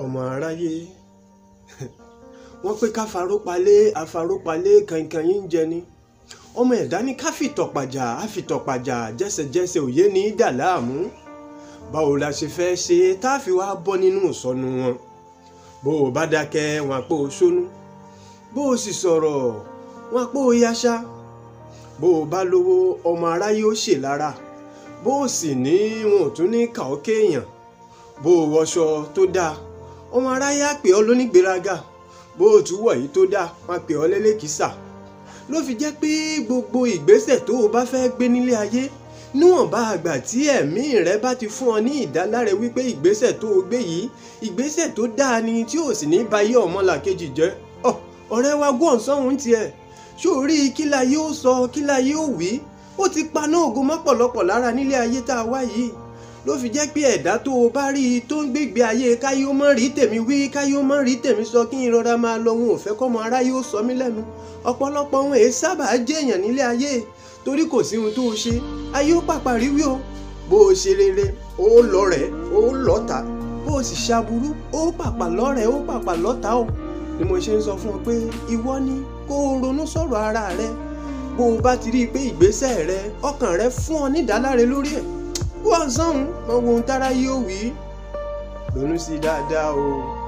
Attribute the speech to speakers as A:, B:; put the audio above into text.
A: ọmọ aráyé wọ́n pé káfarópalé afarópalé kankan yìí ń jẹ ni ọmọ ẹ̀dá ní ká fìtọ̀pàjà àfìtọ̀pàjà jẹ́sẹ̀jẹ́sẹ̀ òye ní í báwo la ṣe fẹ́ ṣe tá a fi wá bọ́ nínú ìsọnù wọn bó o bá dákẹ́ wọn àpò sónú bó o sì sọ̀rọ̀ wọn àpò yaṣá bó o bá lówó ọmọ aráyé ó ṣe lára bó o sì ní wọn ò tún ní kàókè èèyàn bó o wọṣọ tó dáa ọmọ aráyé àpè ọ lónígbéraga bó o tún wọ̀ yìí tó dáa wọn pè ọ lẹ́lẹ́kìsà ló fi jẹ́ pé gbogbo ìgbésẹ̀ tó o bá fẹ́ gbé nílé ayé níwọ̀nba àgbà tí ẹ̀mí rẹ bá ti fún ọ ní ìdáláre wípé ìgbésẹ̀ tó o gbé yìí ìgbésẹ̀ tó dáa ni tí ò sì ní ba ayé ọmọlàkejì jẹ́ ọ ọ̀rẹ́ wa gún ọ̀sánwó tiẹ̀ sórí kíla yóò sọ kíla yóò wí ó ti paná ògo mọ́pọ̀lọpọ̀ lára nílé ayé tá a wá yìí ló fi jẹ́ pé ẹ̀dá tó o bá rí i tó ń gbégbé ayé káyé ó mọ̀ rí tèmi wí káyé ó mọ̀ rí tèmi sọ kí n rọra máa lọ òun ò fẹ́ kọ́mọ aráyé ó sọ mí lẹ́nu ọ̀pọ̀lọpọ̀ wọn èé sábà jẹ́yàn nílé ayé torí kò sí ohun tó o ṣe ayé ó pàpà rí wí o bó o ṣe rere ó lọ́rẹ̀ ó lọ́ta bó o sì ṣaburú ó pàpà lọ́rẹ̀ ó pàpà lọ́ta o ni mo ṣe ń sọ fún ọ pé ìwọ ni kó o ronú sọ̀rọ̀ ara rẹ bó o bá ti rí i pé ìgbésẹ̀ rẹ ọkàn rẹ fún ọ nídàáláre lórí ẹ̀ wá sọ́hún mọ ohun tára yóò wí ronú sí dáadáa o.